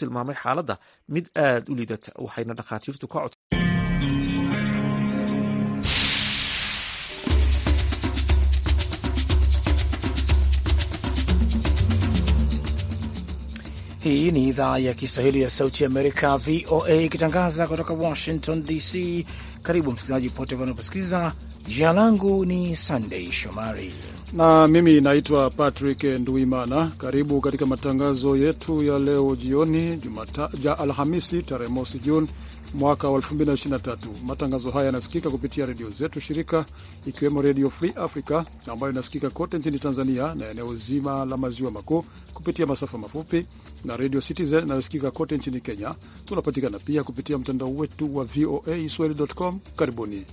tilmaamay xaaladda mid aad u liidata waxayna dhakhaatiirtu ka codsa Hii ni idhaa ya Kiswahili ya Sauti Amerika, VOA, ikitangaza kutoka Washington DC. Karibu msikilizaji pote panaposikiliza. Jina langu ni Sandei Shomari na mimi naitwa Patrick Nduimana. Karibu katika matangazo yetu ya leo jioni, Jumata, ja Alhamisi tarehe mosi Juni mwaka wa 2023. Matangazo haya yanasikika kupitia redio zetu shirika, ikiwemo Redio Free Africa ambayo inasikika kote nchini Tanzania na eneo zima la maziwa makuu kupitia masafa mafupi na Redio Citizen inayosikika kote nchini Kenya. Tunapatikana pia kupitia mtandao wetu wa VOA Swahili.com. Karibuni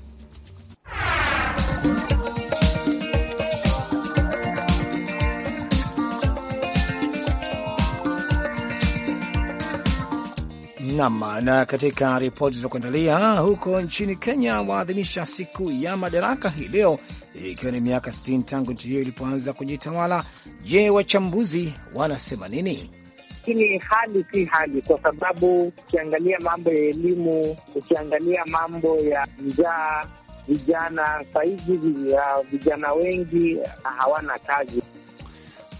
Nam. Na katika ripoti za kuandalia, huko nchini Kenya waadhimisha siku ya madaraka hii leo, ikiwa ni miaka 60 tangu nchi hiyo ilipoanza kujitawala. Je, wachambuzi wanasema nini? Lakini hali si hali, kwa sababu ukiangalia mambo ya elimu, ukiangalia mambo ya njaa, vijana sahizi, vijana wengi hawana kazi.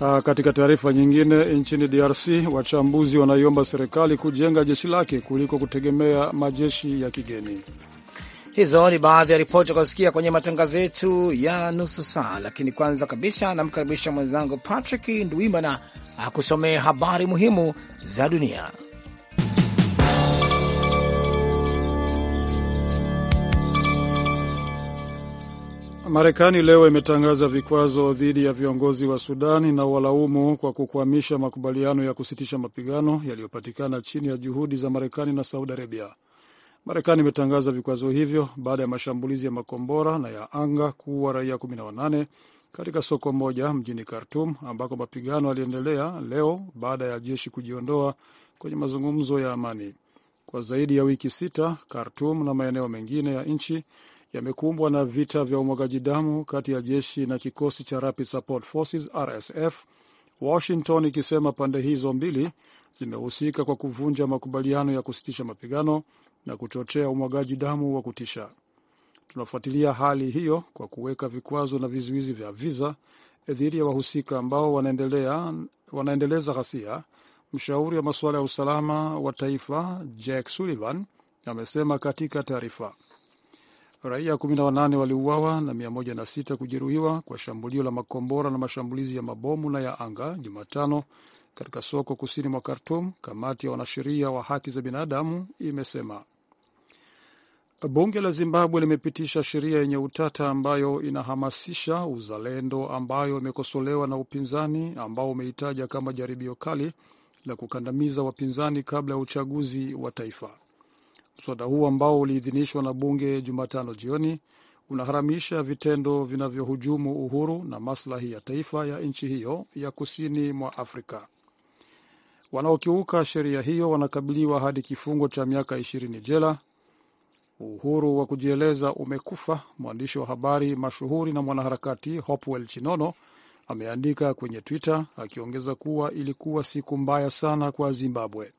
Ah, katika taarifa nyingine, nchini DRC wachambuzi wanaiomba serikali kujenga jeshi lake kuliko kutegemea majeshi ya kigeni. Hizo ni baadhi ya ripoti akusikia kwenye matangazo yetu ya nusu saa, lakini kwanza kabisa namkaribisha mwenzangu Patrick Ndwimana akusomee habari muhimu za dunia. Marekani leo imetangaza vikwazo dhidi ya viongozi wa Sudani na walaumu kwa kukwamisha makubaliano ya kusitisha mapigano yaliyopatikana chini ya juhudi za Marekani na Saudi Arabia. Marekani imetangaza vikwazo hivyo baada ya mashambulizi ya makombora na ya anga kuua raia 18 katika soko moja mjini Khartum ambako mapigano yaliendelea leo baada ya jeshi kujiondoa kwenye mazungumzo ya amani. Kwa zaidi ya wiki sita, Khartum na maeneo mengine ya nchi yamekumbwa na vita vya umwagaji damu kati ya jeshi na kikosi cha Rapid Support Forces RSF, Washington ikisema pande hizo mbili zimehusika kwa kuvunja makubaliano ya kusitisha mapigano na kuchochea umwagaji damu wa kutisha. Tunafuatilia hali hiyo kwa kuweka vikwazo na vizuizi vya viza eh, dhidi ya wahusika ambao wanaendelea, wanaendeleza ghasia. Mshauri wa masuala ya usalama wa taifa jack Sullivan amesema katika taarifa Raia 18 waliuawa na 106 kujeruhiwa kwa shambulio la makombora na mashambulizi ya mabomu na ya anga Jumatano katika soko kusini mwa Khartum, kamati ya wanasheria wa haki za binadamu imesema. Bunge la Zimbabwe limepitisha sheria yenye utata ambayo inahamasisha uzalendo, ambayo imekosolewa na upinzani ambao umehitaja kama jaribio kali la kukandamiza wapinzani kabla ya uchaguzi wa taifa. Mswada huu ambao uliidhinishwa na bunge Jumatano jioni unaharamisha vitendo vinavyohujumu uhuru na maslahi ya taifa ya nchi hiyo ya kusini mwa Afrika. Wanaokiuka sheria hiyo wanakabiliwa hadi kifungo cha miaka ishirini jela. Uhuru wa kujieleza umekufa, mwandishi wa habari mashuhuri na mwanaharakati Hopewell Chinono ameandika kwenye Twitter akiongeza kuwa ilikuwa siku mbaya sana kwa Zimbabwe.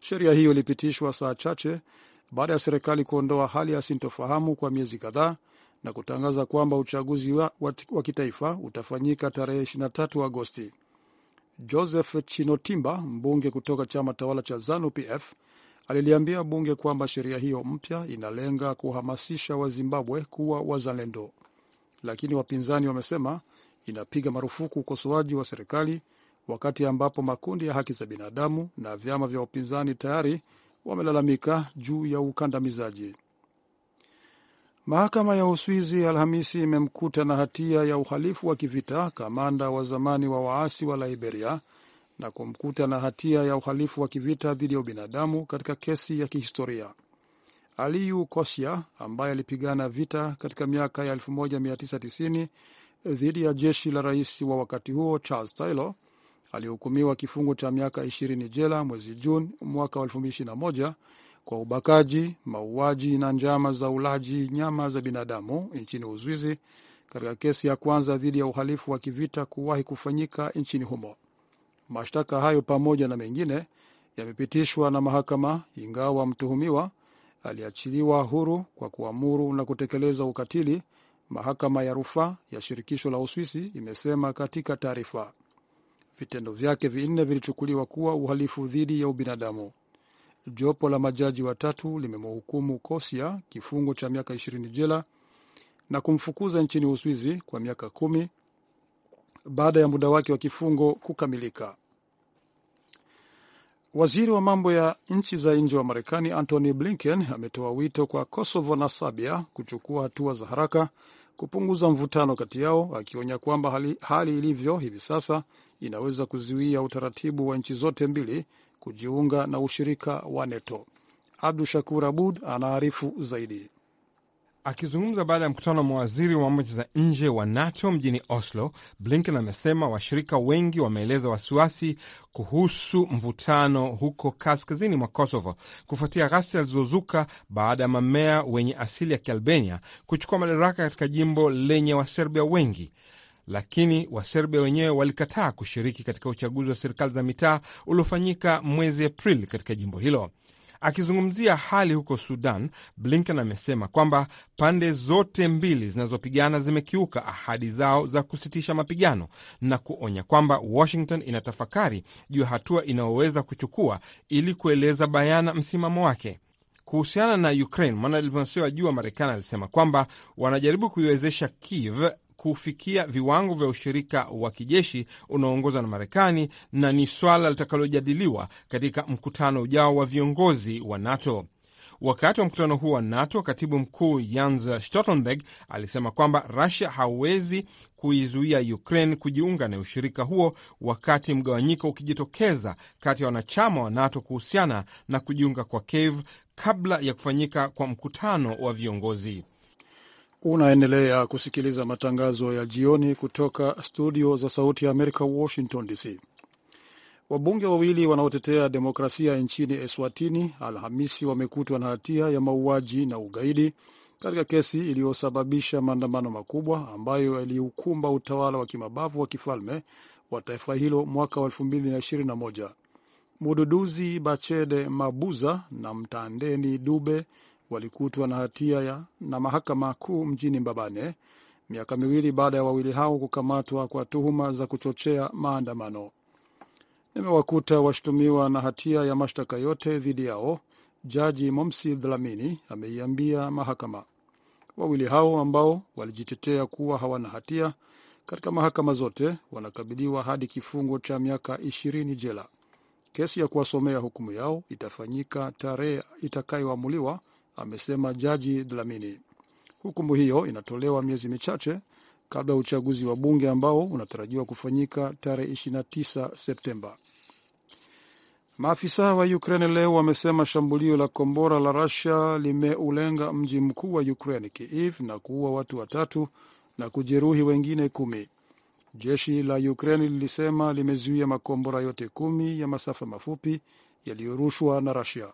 Sheria hiyo ilipitishwa saa chache baada ya serikali kuondoa hali ya sintofahamu kwa miezi kadhaa na kutangaza kwamba uchaguzi wa, wa, wa kitaifa utafanyika tarehe 23 Agosti. Joseph Chinotimba, mbunge kutoka chama tawala cha ZANU-PF, aliliambia bunge kwamba sheria hiyo mpya inalenga kuhamasisha Wazimbabwe kuwa wazalendo, lakini wapinzani wamesema inapiga marufuku ukosoaji wa serikali, wakati ambapo makundi ya haki za binadamu na vyama vya upinzani tayari wamelalamika juu ya ukandamizaji. Mahakama ya Uswizi Alhamisi imemkuta na hatia ya uhalifu wa kivita kamanda wa zamani wa waasi wa Liberia na kumkuta na hatia ya uhalifu wa kivita dhidi ya ubinadamu katika kesi ya kihistoria. Aliyu Kosia ambaye alipigana vita katika miaka ya 1990 dhidi ya jeshi la rais wa wakati huo Charles Taylor alihukumiwa kifungo cha miaka ishirini jela mwezi Juni mwaka wa moja kwa ubakaji, mauaji na njama za ulaji nyama za binadamu nchini Uswizi, katika kesi ya kwanza dhidi ya uhalifu wa kivita kuwahi kufanyika nchini humo. Mashtaka hayo pamoja na mengine yamepitishwa na mahakama, ingawa mtuhumiwa aliachiliwa huru kwa kuamuru na kutekeleza ukatili. Mahakama ya rufaa ya shirikisho la Uswisi imesema katika taarifa. Vitendo vyake vinne vilichukuliwa kuwa uhalifu dhidi ya ubinadamu. Jopo la majaji watatu limemhukumu Kosia kifungo cha miaka ishirini jela na kumfukuza nchini Uswizi kwa miaka kumi baada ya muda wake wa kifungo kukamilika. Waziri wa mambo ya nchi za nje wa Marekani Antony Blinken ametoa wito kwa Kosovo na Serbia kuchukua hatua za haraka kupunguza mvutano kati yao, akionya kwamba hali, hali ilivyo hivi sasa inaweza kuzuia utaratibu wa nchi zote mbili kujiunga na ushirika wa NATO. Abdu Shakur Abud anaarifu zaidi. Akizungumza baada ya mkutano wa mawaziri wa mambo za nje wa NATO mjini Oslo, Blinken amesema washirika wengi wameeleza wasiwasi kuhusu mvutano huko kaskazini mwa Kosovo kufuatia ghasia zilizozuka baada ya mamea wenye asili ya Kialbania kuchukua madaraka katika jimbo lenye Waserbia wengi lakini Waserbia wenyewe walikataa kushiriki katika uchaguzi wa serikali za mitaa uliofanyika mwezi Aprili katika jimbo hilo. Akizungumzia hali huko Sudan, Blinken amesema kwamba pande zote mbili zinazopigana zimekiuka ahadi zao za kusitisha mapigano na kuonya kwamba Washington inatafakari juu ya hatua inayoweza kuchukua ili kueleza bayana msimamo wake. Kuhusiana na Ukraine, mwanadiplomasia wa juu wa Marekani alisema kwamba wanajaribu kuiwezesha Kiev kufikia viwango vya ushirika wa kijeshi unaoongozwa na Marekani, na ni swala litakalojadiliwa katika mkutano ujao wa viongozi wa NATO. Wakati wa mkutano huo wa NATO, katibu mkuu Jens Stoltenberg alisema kwamba Rusia hawezi kuizuia Ukraine kujiunga na ushirika huo, wakati mgawanyiko ukijitokeza kati ya wanachama wa NATO kuhusiana na kujiunga kwa Kiev kabla ya kufanyika kwa mkutano wa viongozi. Unaendelea kusikiliza matangazo ya jioni kutoka studio za Sauti ya Amerika, Washington DC. Wabunge wawili wanaotetea demokrasia nchini Eswatini Alhamisi wamekutwa na hatia ya mauaji na ugaidi katika kesi iliyosababisha maandamano makubwa ambayo yaliukumba utawala wa kimabavu wa kifalme wa taifa hilo mwaka wa 2021. Mududuzi Bachede Mabuza na Mtandeni Dube walikutwa na hatia ya na mahakama kuu mjini Mbabane miaka miwili baada ya wawili hao kukamatwa kwa tuhuma za kuchochea maandamano. Nimewakuta washutumiwa na hatia ya mashtaka yote dhidi yao, Jaji Momsi Dlamini ameiambia mahakama. Wawili hao ambao walijitetea kuwa hawana hatia katika mahakama zote wanakabiliwa hadi kifungo cha miaka ishirini jela. Kesi ya kuwasomea hukumu yao itafanyika tarehe itakayoamuliwa amesema Jaji Dlamini. Hukumu hiyo inatolewa miezi michache kabla ya uchaguzi wa bunge ambao unatarajiwa kufanyika tarehe 29 Septemba. Maafisa wa Ukraine leo wamesema shambulio la kombora la Rusia limeulenga mji mkuu wa Ukraine, Kiev, na kuua watu watatu na kujeruhi wengine kumi. Jeshi la Ukraine lilisema limezuia makombora yote kumi ya masafa mafupi yaliyorushwa na Rusia.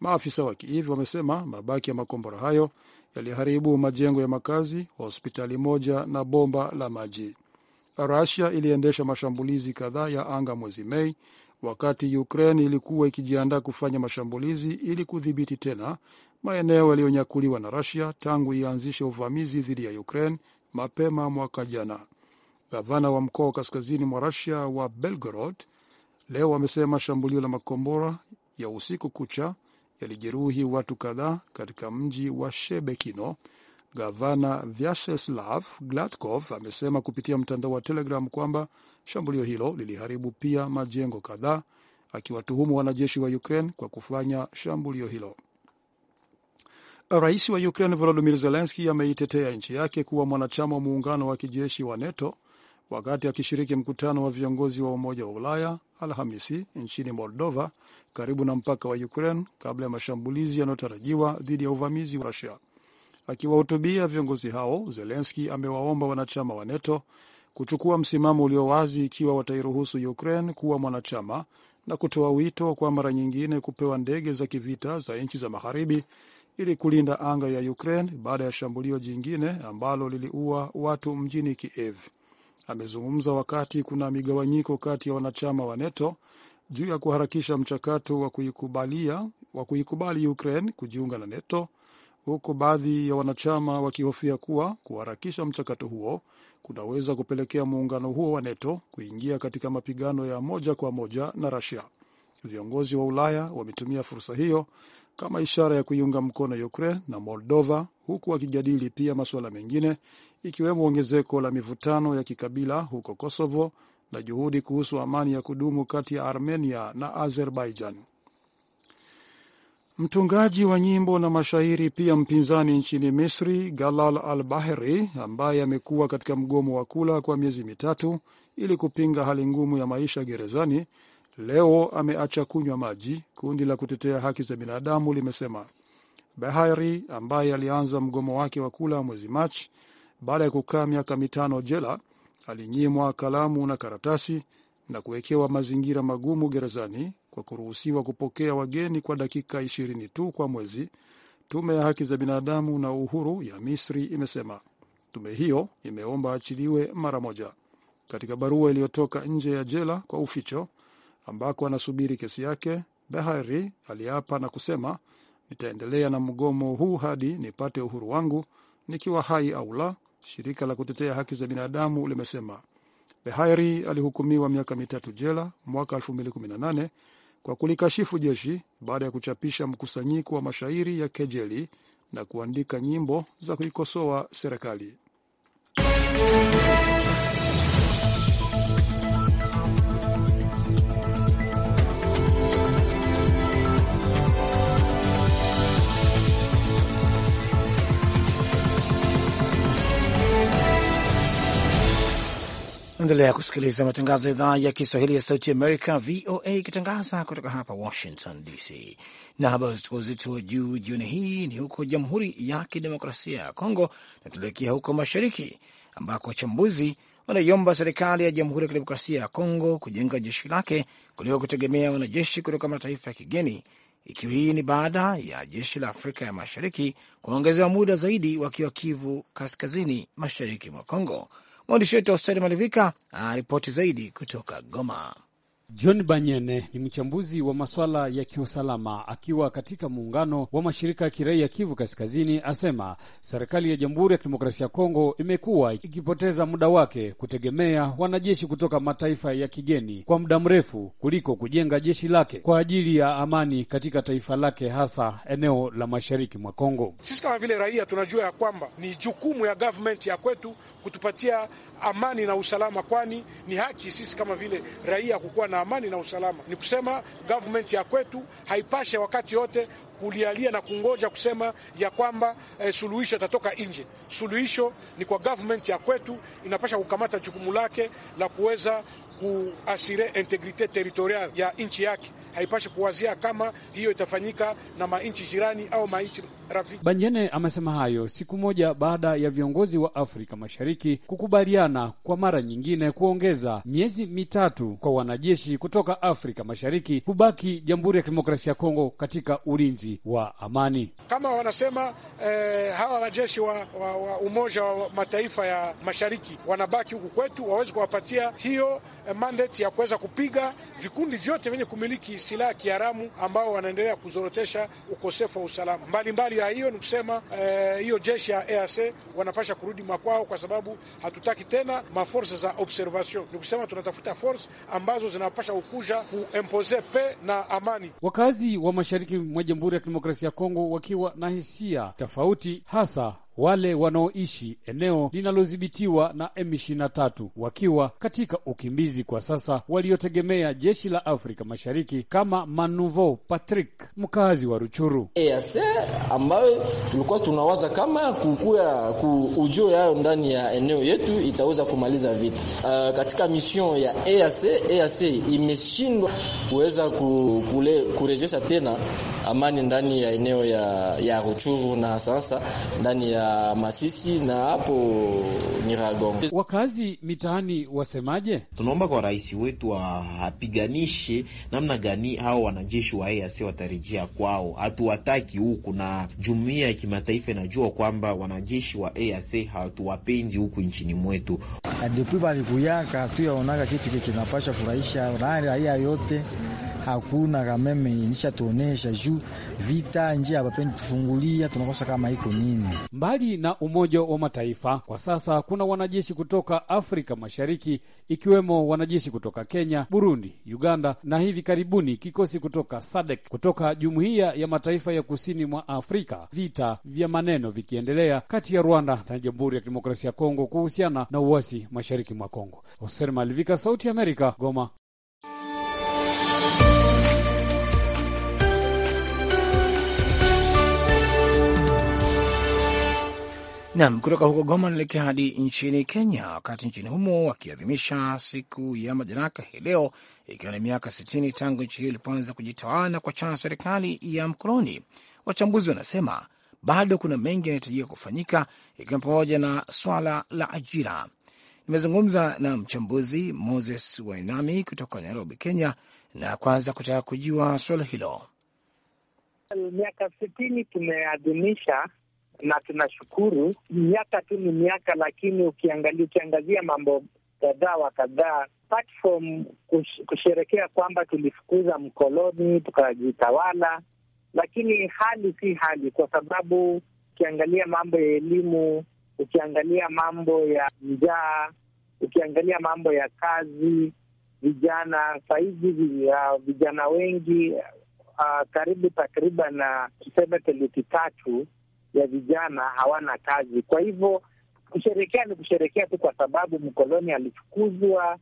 Maafisa wa Kiev wamesema mabaki ya makombora hayo yaliharibu majengo ya makazi, hospitali moja na bomba la maji. Rusia iliendesha mashambulizi kadhaa ya anga mwezi Mei wakati Ukraine ilikuwa ikijiandaa kufanya mashambulizi ili kudhibiti tena maeneo yaliyonyakuliwa na Rusia tangu ianzishe uvamizi dhidi ya Ukraine mapema mwaka jana. Gavana wa mkoa wa kaskazini mwa Rusia wa Belgorod leo amesema shambulio la makombora ya usiku kucha yalijeruhi watu kadhaa katika mji wa Shebekino. Gavana Vyacheslav Gladkov amesema kupitia mtandao wa Telegram kwamba shambulio hilo liliharibu pia majengo kadhaa, akiwatuhumu wanajeshi wa Ukraine kwa kufanya shambulio hilo. Rais wa Ukraine volodimir zelenski ameitetea nchi yake kuwa mwanachama wa muungano wa kijeshi wa NATO wakati akishiriki mkutano wa viongozi wa Umoja wa Ulaya Alhamisi nchini Moldova, karibu na mpaka wa Ukraine, kabla ya mashambulizi yanayotarajiwa dhidi ya uvamizi wa Rusia. Akiwahutubia viongozi hao, Zelenski amewaomba wanachama wa NATO kuchukua msimamo ulio wazi ikiwa watairuhusu Ukraine kuwa mwanachama na kutoa wito kwa mara nyingine kupewa ndege za kivita za nchi za magharibi ili kulinda anga ya Ukraine baada ya shambulio jingine ambalo liliua watu mjini Kiev amezungumza wakati kuna migawanyiko kati ya wanachama wa NATO juu ya kuharakisha mchakato wa kuikubalia wa kuikubali Ukraine kujiunga na NATO, huku baadhi ya wanachama wakihofia kuwa kuharakisha mchakato huo kunaweza kupelekea muungano huo wa NATO kuingia katika mapigano ya moja kwa moja na Russia. Viongozi wa Ulaya wametumia fursa hiyo kama ishara ya kuiunga mkono Ukraine na Moldova, huku wakijadili pia masuala mengine ikiwemo ongezeko la mivutano ya kikabila huko Kosovo na juhudi kuhusu amani ya kudumu kati ya Armenia na Azerbaijan. Mtungaji wa nyimbo na mashairi pia mpinzani nchini Misri, Galal Al Bahri, ambaye amekuwa katika mgomo wa kula kwa miezi mitatu ili kupinga hali ngumu ya maisha gerezani, leo ameacha kunywa maji, kundi la kutetea haki za binadamu limesema. Bahari ambaye alianza mgomo wake wa kula mwezi Machi baada ya kukaa miaka mitano jela, alinyimwa kalamu na karatasi na kuwekewa mazingira magumu gerezani kwa kuruhusiwa kupokea wageni kwa dakika ishirini tu kwa mwezi. Tume ya haki za binadamu na uhuru ya Misri imesema tume hiyo imeomba achiliwe mara moja. Katika barua iliyotoka nje ya jela kwa uficho, ambako anasubiri kesi yake, behari aliapa na kusema, nitaendelea na mgomo huu hadi nipate uhuru wangu nikiwa hai au la, shirika la kutetea haki za binadamu limesema. behari alihukumiwa miaka mitatu jela mwaka 2018 kwa kulikashifu jeshi baada ya kuchapisha mkusanyiko wa mashairi ya kejeli na kuandika nyimbo za kuikosoa serikali. Endelea kusikiliza matangazo ya idhaa ya Kiswahili ya Sauti Amerika, VOA, ikitangaza kutoka hapa Washington DC. Na habari zitoka uzito wa juu jioni hii ni huko Jamhuri ya Kidemokrasia ya Kongo, na tuelekea huko mashariki ambako wachambuzi wanaiomba serikali ya Jamhuri ya Kidemokrasia ya Kongo kujenga jeshi lake kuliko kutegemea wanajeshi kutoka mataifa ya kigeni, ikiwa hii ni baada ya jeshi la Afrika ya Mashariki kuongezewa muda zaidi wakiwa Kivu Kaskazini, mashariki mwa Kongo. Mwandishi wetu Austeri Malivika aripoti ah, zaidi kutoka Goma. John Banyene ni mchambuzi wa masuala ya kiusalama akiwa katika muungano wa mashirika ya kiraia ya Kivu Kaskazini, asema serikali ya Jamhuri ya Kidemokrasia ya Kongo imekuwa ikipoteza muda wake kutegemea wanajeshi kutoka mataifa ya kigeni kwa muda mrefu kuliko kujenga jeshi lake kwa ajili ya amani katika taifa lake, hasa eneo la mashariki mwa Kongo. Sisi kama vile raia tunajua ya kwamba ni jukumu ya government ya kwetu kutupatia amani na usalama, kwani ni haki sisi kama vile raia kukuwa na amani na usalama. Ni kusema government ya kwetu haipashe wakati yote kulialia na kungoja kusema ya kwamba e, suluhisho itatoka nje. Suluhisho ni kwa government ya kwetu, inapasha kukamata jukumu lake la kuweza kuasire integrite territorial ya nchi yake. Haipashi kuwazia kama hiyo itafanyika na manchi jirani au manchi rafiki. Banjene amesema hayo siku moja baada ya viongozi wa Afrika Mashariki kukubaliana kwa mara nyingine kuongeza miezi mitatu kwa wanajeshi kutoka Afrika Mashariki kubaki Jamhuri ya Kidemokrasia ya Kongo katika ulinzi wa amani. Kama wanasema eh, hawa wanajeshi wa, wa, wa Umoja wa Mataifa ya Mashariki wanabaki huku kwetu, waweze kuwapatia hiyo eh, mandate ya kuweza kupiga vikundi vyote vyenye kumiliki silaha kiharamu ambao wanaendelea kuzorotesha ukosefu wa usalama mbalimbali. Ya hiyo ni kusema eh, hiyo jeshi ya EAC wanapasha kurudi makwao, kwa sababu hatutaki tena maforce za observation, ni kusema tunatafuta force ambazo zinapasha kukuja kuempose pe na amani. Wakazi wa mashariki mwa Jamhuri Jamhuri ya Kidemokrasia ya Kongo wakiwa na hisia tofauti, hasa wale wanaoishi eneo linalodhibitiwa na M23 wakiwa katika ukimbizi kwa sasa, waliotegemea jeshi la Afrika Mashariki kama Manuvo Patrick, mkazi wa Ruchuru. EAC ambayo tulikuwa tunawaza kama kukuya kuujio yayo ndani ya eneo yetu itaweza kumaliza vita. Uh, katika mision ya EAC, EAC imeshindwa kuweza kurejesha tena amani ndani ya eneo ya, ya Ruchuru na sasa ndani ya ya Masisi na hapo Nyiragongo. Wakazi mitaani wasemaje? Tunaomba kwa rais wetu apiganishe namna gani hao wanajeshi wa EAC watarejea kwao. Hatuwataki huku, na jumuiya ya kimataifa inajua kwamba wanajeshi wa EAC hatuwapendi huku nchini mwetu. Depuis balikuyaka hatuyaonaka kitu kinapasha furahisha nani raia yote hakuna kameme nishatuonesha juu vita njia apapendi tufungulia tunakosa kama iko nini. Mbali na Umoja wa Mataifa, kwa sasa kuna wanajeshi kutoka Afrika Mashariki, ikiwemo wanajeshi kutoka Kenya, Burundi, Uganda na hivi karibuni kikosi kutoka sadek kutoka Jumuiya ya Mataifa ya Kusini mwa Afrika, vita vya maneno vikiendelea kati ya Rwanda na Jamhuri ya Kidemokrasia ya Kongo kuhusiana na uasi mashariki mwa Kongo. Hoser Malivika, Sauti ya Amerika, Goma. Nam kutoka huko Goma naelekea hadi nchini Kenya, wakati nchini humo wakiadhimisha siku ya madaraka hii leo, ikiwa ni miaka s0 tangu nchi hiyo ilipoanza kujitawala kwa chama serikali ya mkoloni. Wachambuzi wanasema bado kuna mengi yanahitajika kufanyika, ikiwa pamoja na swala la ajira. Nimezungumza na mchambuzi Moses Wainami kutoka Nairobi, Kenya, na kwanza kutaka kujua swala hilo. Miaka sitini tumeadhimisha na tunashukuru. Miaka tu ni miaka, lakini ukiangalia, ukiangazia mambo kadhaa wa kadhaa platform kush, kusherekea kwamba tulifukuza mkoloni tukajitawala, lakini hali si hali, kwa sababu ukiangalia mambo ya elimu, ukiangalia mambo ya njaa, ukiangalia mambo ya kazi, vijana sahizi, vijana wengi uh, karibu takriban na ah, tuseme theluthi tatu ya vijana hawana kazi. Kwa hivyo kusherekea ni kusherekea tu, kwa sababu mkoloni alifukuzwa,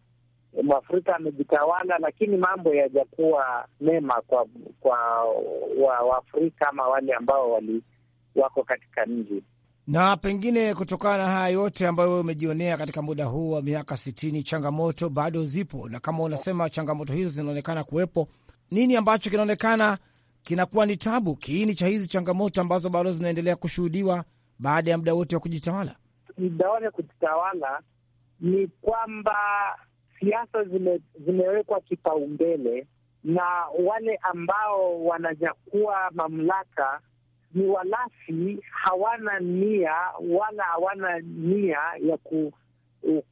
mwafrika amejitawala, lakini mambo yajakuwa mema kwa kwa waafrika wa ama wale ambao wali wako katika mji na pengine kutokana na haya yote ambayo wewe umejionea katika muda huu wa miaka sitini, changamoto bado zipo, na kama unasema changamoto hizo zinaonekana kuwepo. Nini ambacho kinaonekana kinakuwa ni tabu, kiini cha hizi changamoto ambazo bado zinaendelea kushuhudiwa baada ya muda wote wa kujitawala? Muda wote wa kujitawala ni kwamba siasa zime, zimewekwa kipaumbele na wale ambao wananyakua mamlaka ni walafi, hawana nia wala hawana nia ya ku,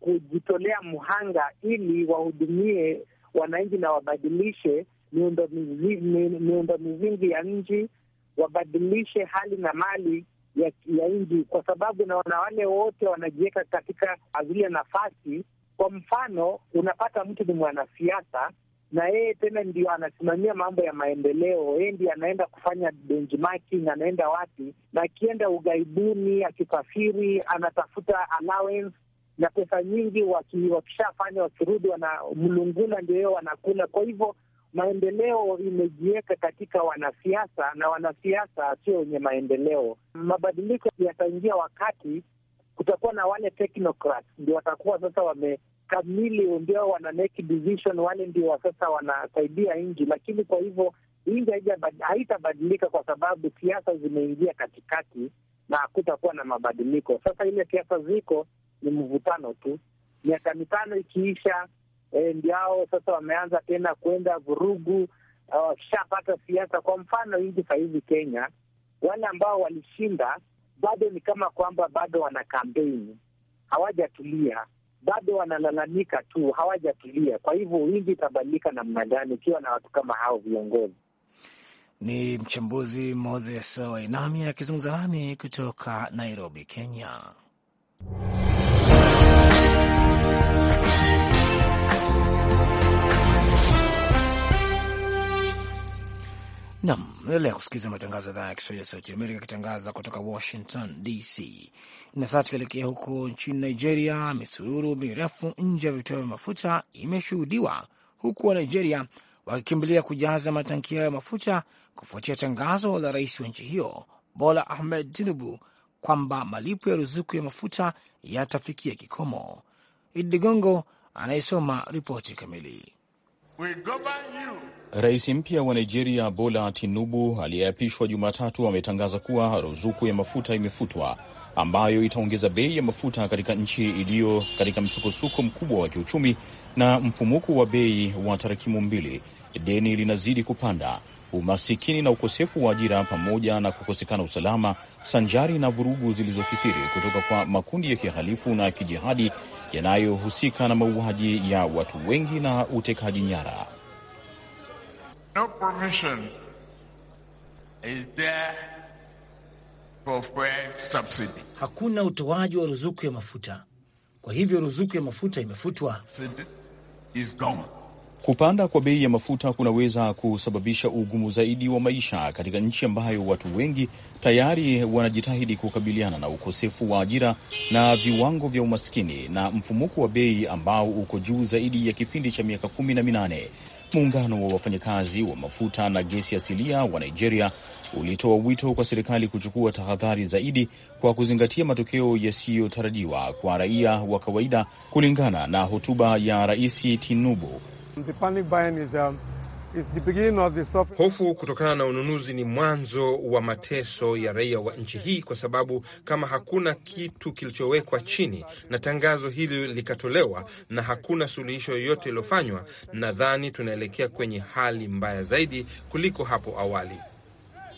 kujitolea mhanga ili wahudumie wananchi na wabadilishe miundo mizingi ya nchi, wabadilishe hali na mali ya, ya nchi, kwa sababu naona wale wote wanajiweka katika zile nafasi. Kwa mfano, unapata mtu ni mwanasiasa na yeye tena ndio anasimamia mambo ya maendeleo, yeye ndio anaenda kufanya benchmarking, anaenda wapi, na akienda ughaibuni, akisafiri, anatafuta allowance na pesa nyingi. Wakishafanya wakirudi, wanamlungula ndio yeye wanakula. Kwa hivyo maendeleo imejiweka katika wanasiasa na wanasiasa sio wenye maendeleo. Mabadiliko yataingia wakati kutakuwa na wale technocrats ndio watakuwa sasa wamekamili, ndio wana make decision, wale ndio sasa wanasaidia nji. Lakini kwa hivyo nji haitabadilika kwa sababu siasa zimeingia katikati na hakutakuwa na mabadiliko. Sasa ile siasa ziko ni mvutano tu. Miaka mitano ikiisha e, eh, ndiao sasa wameanza tena kwenda vurugu, washapata uh, siasa. Kwa mfano nchi sahizi Kenya, wale ambao walishinda bado ni kama kwamba bado wana kampeni, hawajatulia bado wanalalamika tu, hawajatulia. Kwa hivyo wingi itabadilika namna gani ukiwa na watu kama hao viongozi? Ni mchambuzi Moses Wainami akizungumza nami kutoka Nairobi, Kenya. Nam naendelea kusikiliza matangazo ya idhaa ya Kiswahili ya Sauti Amerika akitangaza kutoka Washington DC. Na sasa tukielekea huko nchini Nigeria, misururu mirefu nje ya vituo vya mafuta imeshuhudiwa huku wa Nigeria wakikimbilia kujaza matanki yao ya mafuta kufuatia tangazo la rais wa nchi hiyo Bola Ahmed Tinubu kwamba malipo ya ruzuku ya mafuta yatafikia kikomo. Idi Ligongo anayesoma ripoti kamili. Rais mpya wa Nigeria Bola Tinubu aliyeapishwa Jumatatu ametangaza kuwa ruzuku ya mafuta imefutwa, ambayo itaongeza bei ya mafuta katika nchi iliyo katika msukosuko mkubwa wa kiuchumi na mfumuko wa bei wa tarakimu mbili, deni linazidi kupanda, umasikini na ukosefu wa ajira, pamoja na kukosekana usalama, sanjari na vurugu zilizokithiri kutoka kwa makundi ya kihalifu na kijihadi yanayohusika na mauaji ya watu wengi na utekaji nyara. No is there for fuel subsidy. Hakuna utoaji wa ruzuku ya mafuta, kwa hivyo ruzuku ya mafuta imefutwa is gone. Kupanda kwa bei ya mafuta kunaweza kusababisha ugumu zaidi wa maisha katika nchi ambayo watu wengi tayari wanajitahidi kukabiliana na ukosefu wa ajira na viwango vya umaskini na mfumuko wa bei ambao uko juu zaidi ya kipindi cha miaka kumi na minane. Muungano wa wafanyakazi wa mafuta na gesi asilia wa Nigeria ulitoa wito kwa serikali kuchukua tahadhari zaidi kwa kuzingatia matokeo yasiyotarajiwa kwa raia wa kawaida, kulingana na hotuba ya Rais Tinubu. The panic buying is, um, Hofu kutokana na ununuzi ni mwanzo wa mateso ya raia wa nchi hii, kwa sababu kama hakuna kitu kilichowekwa chini na tangazo hili likatolewa na hakuna suluhisho yoyote iliyofanywa, nadhani tunaelekea kwenye hali mbaya zaidi kuliko hapo awali.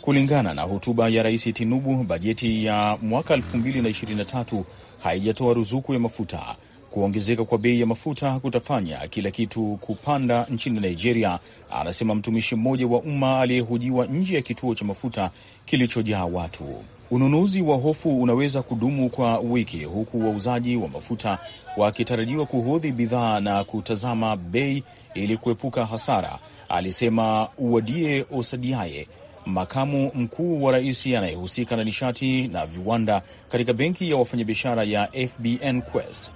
Kulingana na hotuba ya Rais Tinubu, bajeti ya mwaka 2023 haijatoa ruzuku ya mafuta Kuongezeka kwa bei ya mafuta kutafanya kila kitu kupanda nchini Nigeria, anasema mtumishi mmoja wa umma aliyehojiwa nje ya kituo cha mafuta kilichojaa watu. Ununuzi wa hofu unaweza kudumu kwa wiki, huku wauzaji wa mafuta wakitarajiwa kuhodhi bidhaa na kutazama bei ili kuepuka hasara, alisema Uwadie Osadiaye, makamu mkuu wa rais anayehusika na nishati na viwanda katika benki ya wafanyabiashara ya FBN Quest.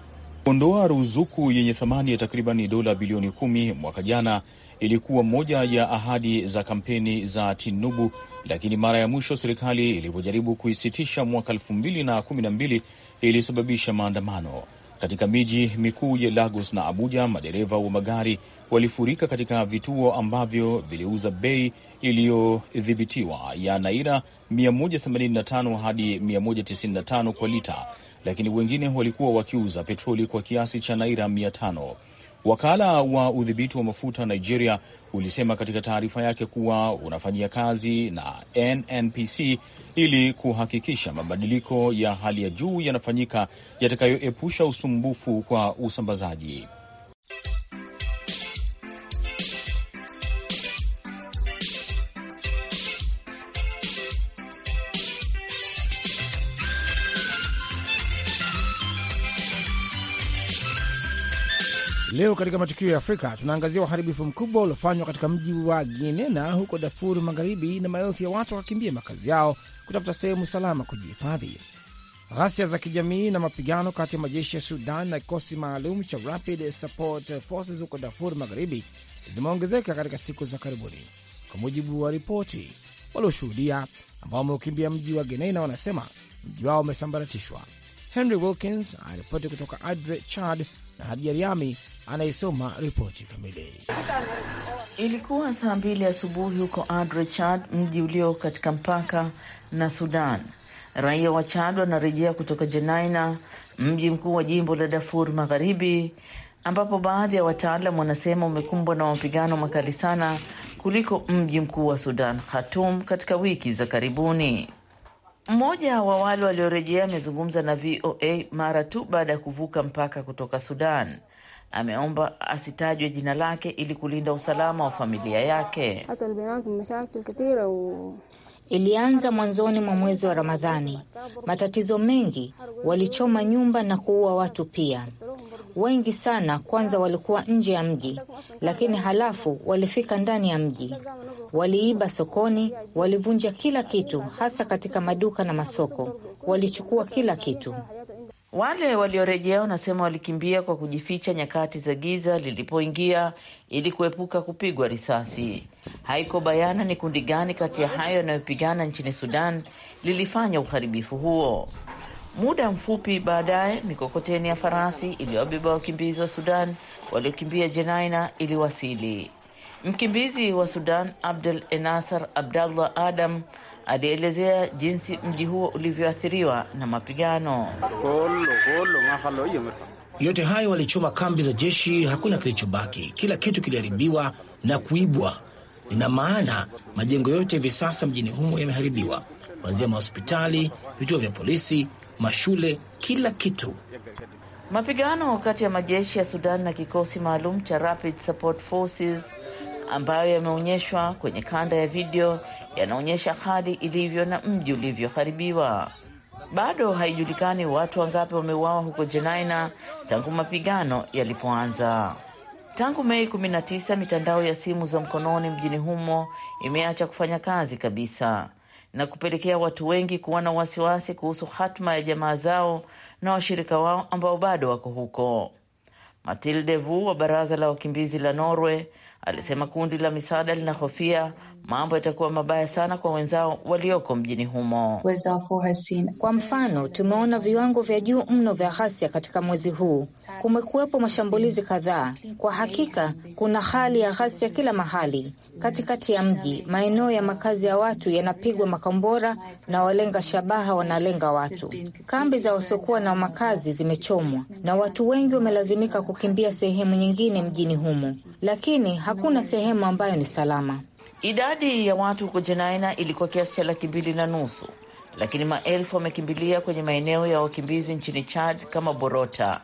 Kuondoa ruzuku yenye thamani ya takriban dola bilioni kumi mwaka jana ilikuwa moja ya ahadi za kampeni za Tinubu, lakini mara ya mwisho serikali ilipojaribu kuisitisha mwaka elfu mbili na kumi na mbili ilisababisha maandamano katika miji mikuu ya Lagos na Abuja. Madereva wa magari walifurika katika vituo ambavyo viliuza bei iliyodhibitiwa ya naira 185 hadi 195 kwa lita lakini wengine walikuwa wakiuza petroli kwa kiasi cha naira mia tano. Wakala wa udhibiti wa mafuta Nigeria ulisema katika taarifa yake kuwa unafanyia kazi na NNPC ili kuhakikisha mabadiliko ya hali ya juu yanafanyika yatakayoepusha usumbufu kwa usambazaji. Leo katika matukio ya Afrika tunaangazia uharibifu mkubwa uliofanywa katika mji wa ginena huko Darfur Magharibi, na maelfu ya watu wakakimbia makazi yao kutafuta sehemu salama kujihifadhi. Ghasia za kijamii na mapigano kati ya majeshi ya Sudan na kikosi maalum cha Rapid Support Forces huko Darfur Magharibi zimeongezeka katika siku za karibuni, kwa mujibu wa ripoti. Walioshuhudia ambao wameukimbia mji wa Geneina wanasema mji wao umesambaratishwa. Henry Wilkins anaripoti kutoka Adre, Chad, na Hadija Riami anayesoma ripoti kamili. Ilikuwa saa mbili asubuhi huko Adre, Chad, mji ulio katika mpaka na Sudan. Raia wa Chad wanarejea kutoka Jenaina, mji mkuu wa jimbo la Darfur Magharibi, ambapo baadhi ya wataalam wanasema umekumbwa na mapigano makali sana kuliko mji mkuu wa Sudan, Khartoum, katika wiki za karibuni. Mmoja wa wale waliorejea amezungumza na VOA mara tu baada ya kuvuka mpaka kutoka Sudan ameomba asitajwe jina lake ili kulinda usalama wa familia yake. Ilianza mwanzoni mwa mwezi wa Ramadhani, matatizo mengi, walichoma nyumba na kuua watu pia wengi sana. Kwanza walikuwa nje ya mji, lakini halafu walifika ndani ya mji, waliiba sokoni, walivunja kila kitu, hasa katika maduka na masoko, walichukua kila kitu. Wale waliorejea wanasema walikimbia kwa kujificha nyakati za giza lilipoingia ili kuepuka kupigwa risasi. Haiko bayana ni kundi gani kati ya hayo yanayopigana nchini Sudan lilifanya uharibifu huo. Muda mfupi baadaye, mikokoteni ya farasi iliyobeba wakimbizi wa Sudan waliokimbia Jenaina iliwasili. Mkimbizi wa Sudan Abdel Enasar Abdallah Adam alielezea jinsi mji huo ulivyoathiriwa na mapigano. Yote hayo walichoma kambi za jeshi, hakuna kilichobaki, kila kitu kiliharibiwa na kuibwa. Ina maana majengo yote hivi sasa mjini humo yameharibiwa, kuanzia mahospitali, vituo vya polisi, mashule, kila kitu. Mapigano kati ya majeshi ya Sudan na kikosi maalum cha Rapid Support Forces ambayo yameonyeshwa kwenye kanda ya video yanaonyesha hali ilivyo na mji ulivyoharibiwa. Bado haijulikani watu wangapi wameuawa huko Jenaina tangu mapigano yalipoanza. Tangu Mei 19 mitandao ya simu za mkononi mjini humo imeacha kufanya kazi kabisa na kupelekea watu wengi kuwa na wasiwasi kuhusu hatma ya jamaa zao na washirika wao ambao bado wako huko. Matilde Vu wa baraza la wakimbizi la Norwe Alisema kundi la misaada linahofia mambo yatakuwa mabaya sana kwa wenzao walioko mjini humo. Kwa mfano, tumeona viwango vya juu mno vya ghasia katika mwezi huu. Kumekuwepo mashambulizi kadhaa. Kwa hakika, kuna hali ya ghasia kila mahali. Katikati ya mji, maeneo ya makazi ya watu yanapigwa makombora na walenga shabaha wanalenga watu. Kambi za wasiokuwa na makazi zimechomwa na watu wengi wamelazimika kukimbia sehemu nyingine mjini humo, lakini hakuna sehemu ambayo ni salama. Idadi ya watu huko Jenaina ilikuwa kiasi cha laki mbili na nusu, lakini maelfu wamekimbilia kwenye maeneo ya wakimbizi nchini Chad kama Borota.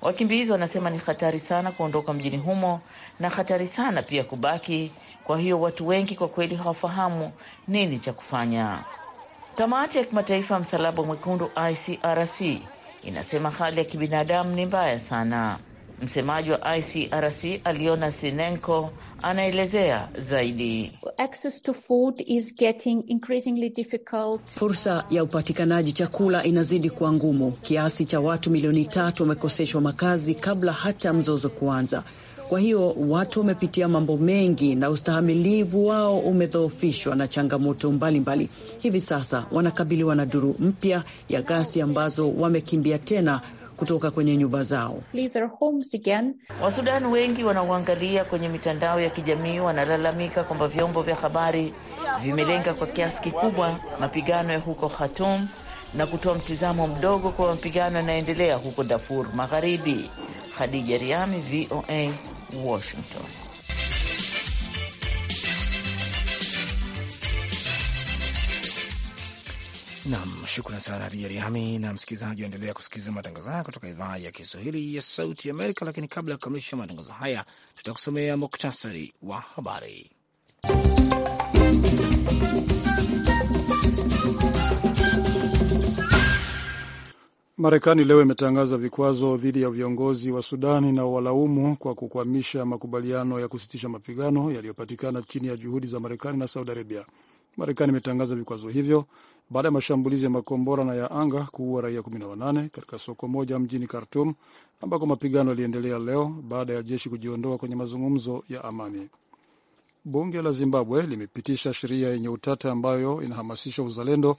Wakimbizi wanasema ni hatari sana kuondoka mjini humo na hatari sana pia kubaki. Kwa hiyo watu wengi kwa kweli hawafahamu nini cha kufanya. Kamati ya kimataifa ya Msalaba Mwekundu ICRC inasema hali ya kibinadamu ni mbaya sana. Msemaji wa ICRC Aliona Sinenko anaelezea zaidi. Access to food is getting increasingly difficult. Fursa ya upatikanaji chakula inazidi kuwa ngumu. Kiasi cha watu milioni tatu wamekoseshwa makazi kabla hata mzozo kuanza. Kwa hiyo watu wamepitia mambo mengi na ustahamilivu wao umedhoofishwa na changamoto mbalimbali mbali. Hivi sasa wanakabiliwa na duru mpya ya gasi ambazo wamekimbia tena kutoka kwenye nyumba zao. Wasudani wengi wanaoangalia kwenye mitandao ya kijamii wanalalamika kwamba vyombo vya habari vimelenga kwa kiasi kikubwa mapigano ya huko Khartoum na kutoa mtizamo mdogo kwa mapigano yanayoendelea huko Darfur Magharibi. Khadija Riami, VOA, Washington. Nam, shukran sana Riariami na msikilizaji, waendelea kusikiliza matangazo haya kutoka idhaa ya Kiswahili ya Sauti Amerika. Lakini kabla ya kukamilisha matangazo haya, tutakusomea muktasari wa habari. Marekani leo imetangaza vikwazo dhidi ya viongozi wa Sudani na walaumu kwa kukwamisha makubaliano ya kusitisha mapigano yaliyopatikana chini ya juhudi za Marekani na Saudi Arabia. Marekani imetangaza vikwazo hivyo baada ya mashambulizi ya makombora na ya anga kuua raia 18 katika soko moja mjini Khartum ambako mapigano yaliendelea leo baada ya jeshi kujiondoa kwenye mazungumzo ya amani. Bunge la Zimbabwe limepitisha sheria yenye utata ambayo inahamasisha uzalendo,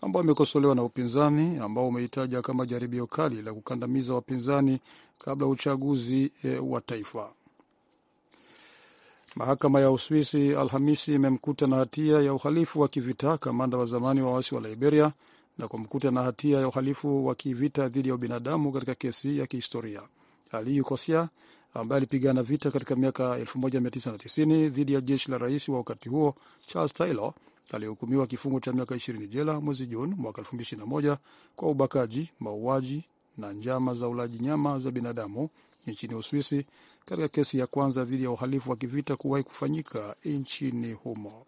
ambayo imekosolewa na upinzani ambao umehitaja kama jaribio kali la kukandamiza wapinzani kabla ya uchaguzi e, wa taifa. Mahakama ya Uswisi Alhamisi imemkuta na hatia ya uhalifu wa kivita kamanda wa zamani wa waasi wa Liberia na kumkuta na hatia ya uhalifu wa kivita dhidi ya ubinadamu katika kesi ya kihistoria. Aliyu Kosia ambaye alipigana vita katika miaka 1990 dhidi ya jeshi la rais wa wakati huo Charles Taylor aliyehukumiwa kifungo cha miaka 20 jela mwezi Juni mwaka 2021 kwa ubakaji, mauaji na njama za ulaji nyama za binadamu nchini Uswisi katika kesi ya kwanza dhidi ya uhalifu wa kivita kuwahi kufanyika nchini humo.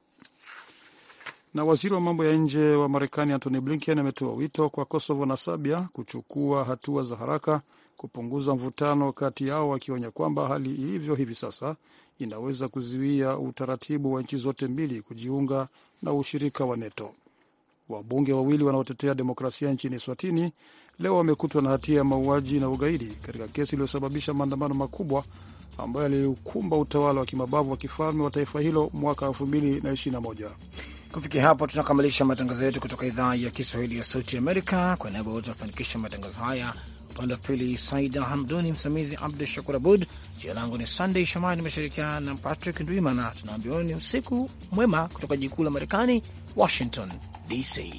Na waziri wa mambo ya nje wa Marekani Antony Blinken ametoa wito kwa Kosovo na Serbia kuchukua hatua za haraka kupunguza mvutano kati yao, wakionya kwamba hali ilivyo hivi sasa inaweza kuzuia utaratibu wa nchi zote mbili kujiunga na ushirika wa NATO. Wabunge wawili wanaotetea demokrasia nchini Swatini leo wamekutwa na hatia ya mauaji na ugaidi katika kesi iliyosababisha maandamano makubwa ambayo yaliukumba utawala wa kimabavu wa kifalme wa taifa hilo mwaka 2021. Kufikia hapo tunakamilisha matangazo yetu kutoka idhaa ya Kiswahili ya Sauti Amerika. Kwa niaba wote wanafanikisha matangazo haya upande wa pili Saida Hamduni, msimamizi Abdu Shakur Abud. Jina langu ni Sunday Shamani, nimeshirikiana na Patrick Ndwimana. Tunaambiwani usiku mwema kutoka jikuu la Marekani, Washington DC.